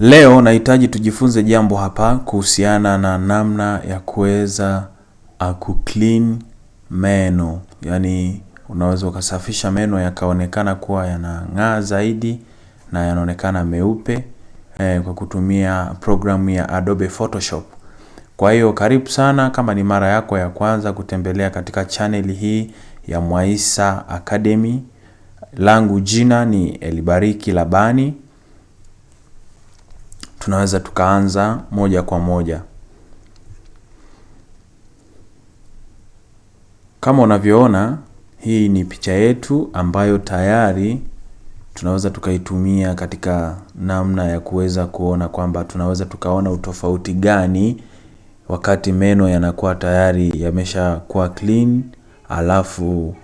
Leo nahitaji tujifunze jambo hapa kuhusiana na namna ya kuweza uh, clean meno, yaani unaweza ukasafisha meno yakaonekana kuwa yanang'aa zaidi na yanaonekana meupe eh, kwa kutumia programu ya Adobe Photoshop. Kwa hiyo karibu sana kama ni mara yako ya kwanza kutembelea katika chaneli hii ya Mwaisa Academy. Langu jina ni Elibariki Labani tunaweza tukaanza moja kwa moja. Kama unavyoona, hii ni picha yetu ambayo tayari tunaweza tukaitumia katika namna ya kuweza kuona kwamba tunaweza tukaona utofauti gani wakati meno yanakuwa tayari yameshakuwa clean, alafu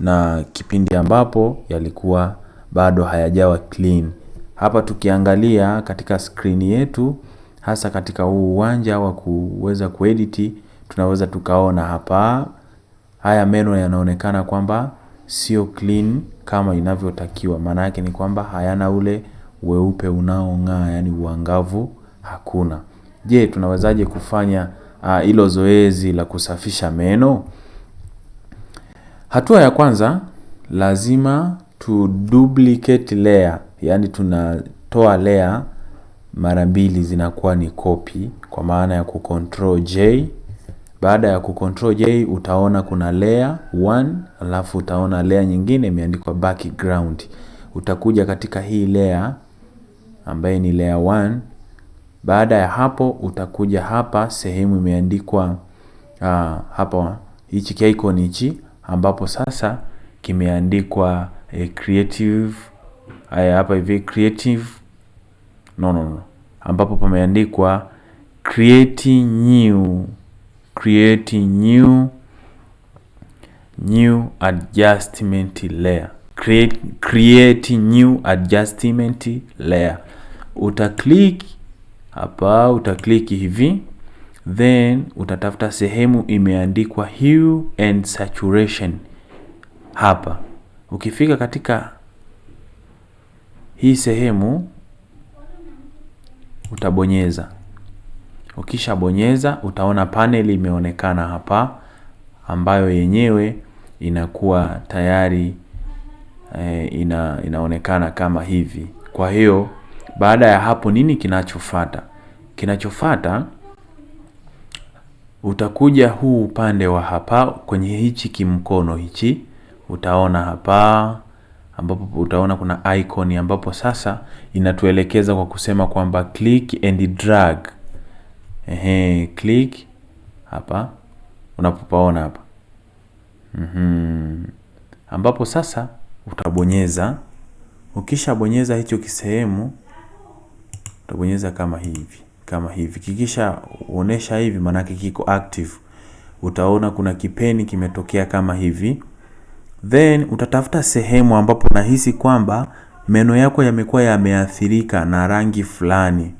na kipindi ambapo yalikuwa bado hayajawa clean. Hapa tukiangalia katika skrini yetu hasa katika huu uwanja wa kuweza kuedit tunaweza tukaona hapa haya meno yanaonekana kwamba sio clean kama inavyotakiwa. Maana yake ni kwamba hayana ule weupe unaong'aa, yani uangavu hakuna. Je, tunawezaje kufanya ah, hilo uh, zoezi la kusafisha meno? Hatua ya kwanza lazima tu duplicate layer yani tunatoa layer mara mbili zinakuwa ni copy kwa maana ya kucontrol J. Baada ya kucontrol J utaona kuna layer 1 alafu utaona layer nyingine imeandikwa background. Utakuja katika hii layer ambaye ni layer 1. Baada ya hapo utakuja hapa sehemu imeandikwa uh, hapa hichi icon hichi ambapo sasa kimeandikwa eh, creative haya hapa hivi creative no, no, no, ambapo pameandikwa create new, create new new adjustment layer, create create new adjustment layer. Utaklik hapa, utakliki hivi then utatafuta sehemu imeandikwa hue and saturation hapa. Ukifika katika hii sehemu utabonyeza. Ukishabonyeza utaona paneli imeonekana hapa ambayo yenyewe inakuwa tayari e, ina, inaonekana kama hivi. Kwa hiyo baada ya hapo nini kinachofata? Kinachofata utakuja huu upande wa hapa kwenye hichi kimkono hichi, utaona hapa ambapo utaona kuna icon ambapo sasa inatuelekeza kwa kusema kwamba click and drag. Ehe, click hapa unapopaona hapa mm -hmm. ambapo sasa utabonyeza, ukishabonyeza hicho kisehemu utabonyeza kama hivi kama hivi, kikisha uonesha hivi, maanake kiko active. Utaona kuna kipeni kimetokea kama hivi. Then utatafuta sehemu ambapo unahisi kwamba meno yako yamekuwa yameathirika na rangi fulani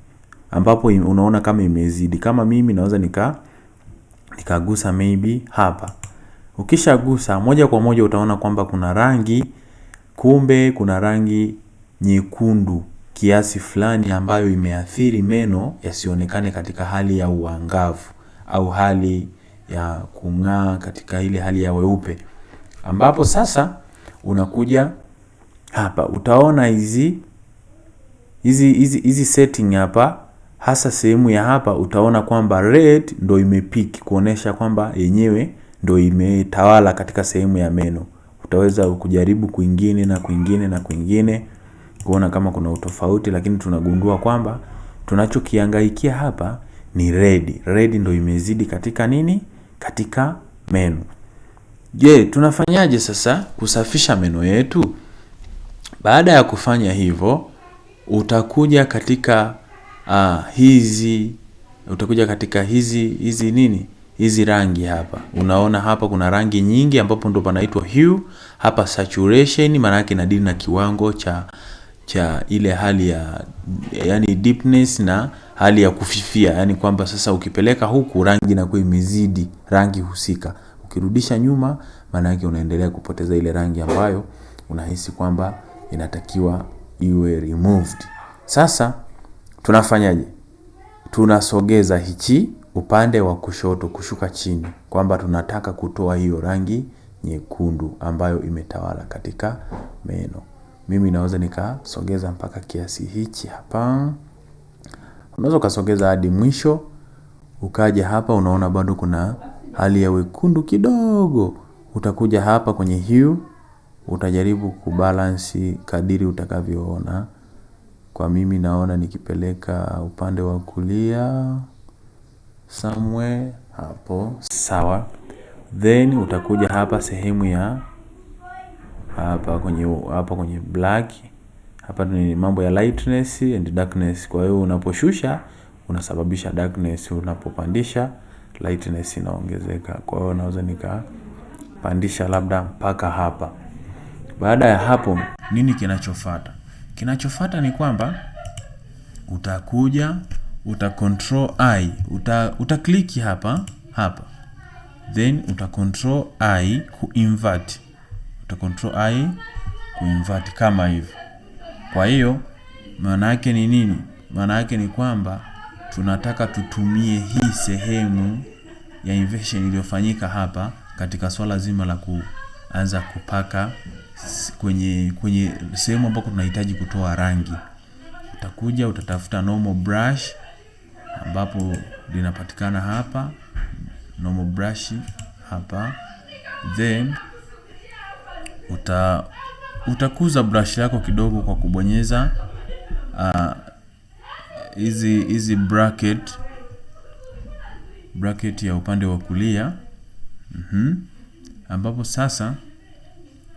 ambapo unaona kama imezidi. Kama mimi naweza nika nikagusa maybe hapa. Ukishagusa moja kwa moja utaona kwamba kuna rangi, kumbe kuna rangi nyekundu kiasi fulani ambayo imeathiri meno yasionekane katika hali ya uangavu au hali ya kung'aa katika ile hali ya weupe ambapo sasa unakuja hapa utaona hizi hizi hizi hizi setting hapa, hasa sehemu ya hapa utaona kwamba red ndo imepiki kuonesha kwamba yenyewe ndo imetawala katika sehemu ya meno. Utaweza kujaribu kwingine na kwingine na kwingine kuona kama kuna utofauti, lakini tunagundua kwamba tunachokihangaikia hapa ni red. Red ndo imezidi katika nini? Katika meno. Je, tunafanyaje sasa kusafisha meno yetu? Baada ya kufanya hivyo utakuja katika uh, hizi utakuja katika hizi hizi nini hizi rangi hapa. Unaona hapa kuna rangi nyingi, ambapo ndo panaitwa hue hapa, saturation maana yake inadili na kiwango cha cha ile hali ya yani deepness na hali ya kufifia, yani kwamba sasa ukipeleka huku rangi inakuwa imezidi rangi husika. Ukirudisha nyuma, maana yake unaendelea kupoteza ile rangi ambayo unahisi kwamba inatakiwa iwe removed. Sasa tunafanyaje? Tunasogeza hichi upande wa kushoto kushuka chini, kwamba tunataka kutoa hiyo rangi nyekundu ambayo imetawala katika meno. Mimi naweza nikasogeza mpaka kiasi hichi hapa. Unaweza ukasogeza hadi mwisho, ukaja hapa, unaona bado kuna hali ya wekundu kidogo, utakuja hapa kwenye hue, utajaribu kubalansi kadiri utakavyoona. Kwa mimi naona nikipeleka upande wa kulia somewhere hapo, sawa. Then utakuja hapa sehemu ya hapa kwenye, hapa kwenye black hapa ni mambo ya lightness and darkness. Kwa hiyo unaposhusha unasababisha darkness, unapopandisha lightness inaongezeka. Kwa hiyo naweza nikapandisha labda mpaka hapa. Baada ya hapo, nini kinachofata? Kinachofata ni kwamba utakuja uta control i uta, uta click hapa hapa, then uta control i invert, uta control i invert kama hivyo. Kwa hiyo maana yake ni nini? Maana yake ni kwamba tunataka tutumie hii sehemu ya invention iliyofanyika hapa katika swala zima la kuanza kupaka kwenye kwenye sehemu ambako tunahitaji kutoa rangi. Utakuja utatafuta normal brush ambapo linapatikana hapa, normal brush hapa, then uta utakuza brush yako kidogo kwa kubonyeza uh, hizi hizi bracket bracket ya upande wa kulia mm -hmm. ambapo sasa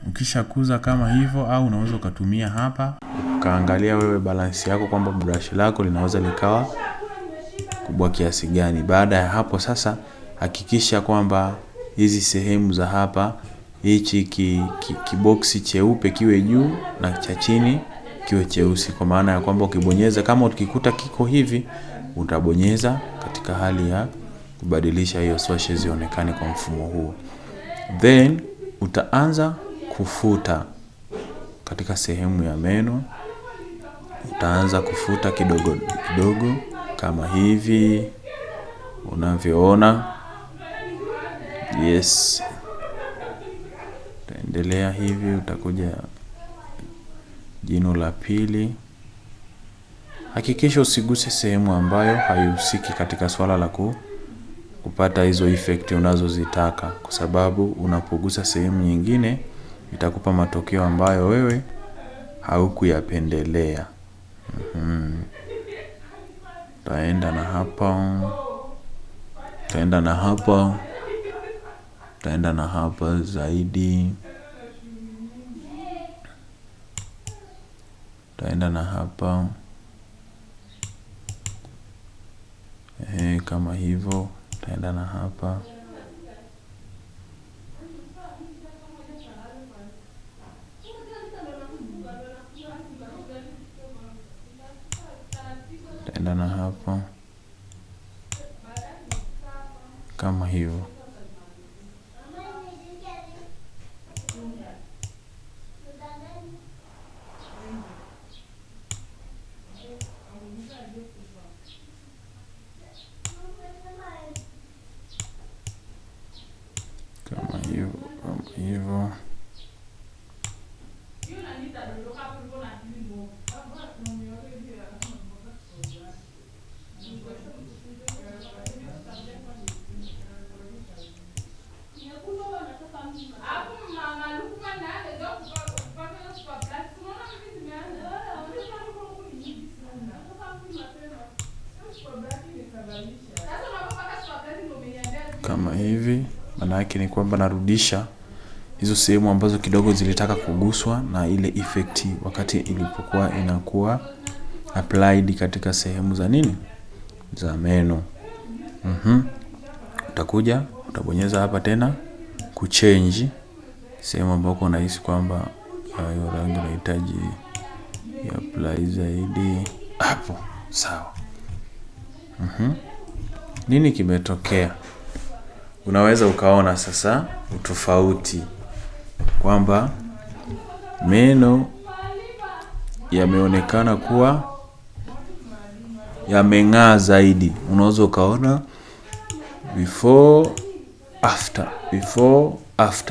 ukishakuza kama hivyo, au unaweza ukatumia hapa ukaangalia wewe balansi yako kwamba brush lako linaweza likawa kubwa kiasi gani. Baada ya hapo sasa, hakikisha kwamba hizi sehemu za hapa hichi kiboksi ki, ki cheupe kiwe juu na cha chini kiwe cheusi, kwa maana ya kwamba ukibonyeza, kama ukikuta kiko hivi, utabonyeza katika hali ya kubadilisha hiyo swashe zionekane kwa mfumo huo, then utaanza kufuta katika sehemu ya meno, utaanza kufuta kidogo kidogo kama hivi unavyoona. Yes, utaendelea hivi, utakuja Jino la pili, hakikisha usiguse sehemu ambayo haihusiki katika swala la kupata hizo effect unazozitaka, kwa sababu unapogusa sehemu nyingine itakupa matokeo ambayo wewe haukuyapendelea. Mm-hmm. Taenda na hapa, taenda na hapa, taenda na hapa zaidi taenda na hapa ehe, kama hivyo taenda na hapa taenda na hapa kama hivyo. hivyo kama hivi, maana yake ni kwamba narudisha hizo sehemu ambazo kidogo zilitaka kuguswa na ile effect wakati ilipokuwa inakuwa applied katika sehemu za nini za meno. mm -hmm. Utakuja utabonyeza hapa tena kuchange sehemu ambako unahisi kwamba ah, hiyo rangi unahitaji apply zaidi hapo, sawa. mm -hmm. Nini kimetokea? Unaweza ukaona sasa utofauti kwamba meno yameonekana kuwa yameng'aa zaidi. Unaweza ukaona before after, before after.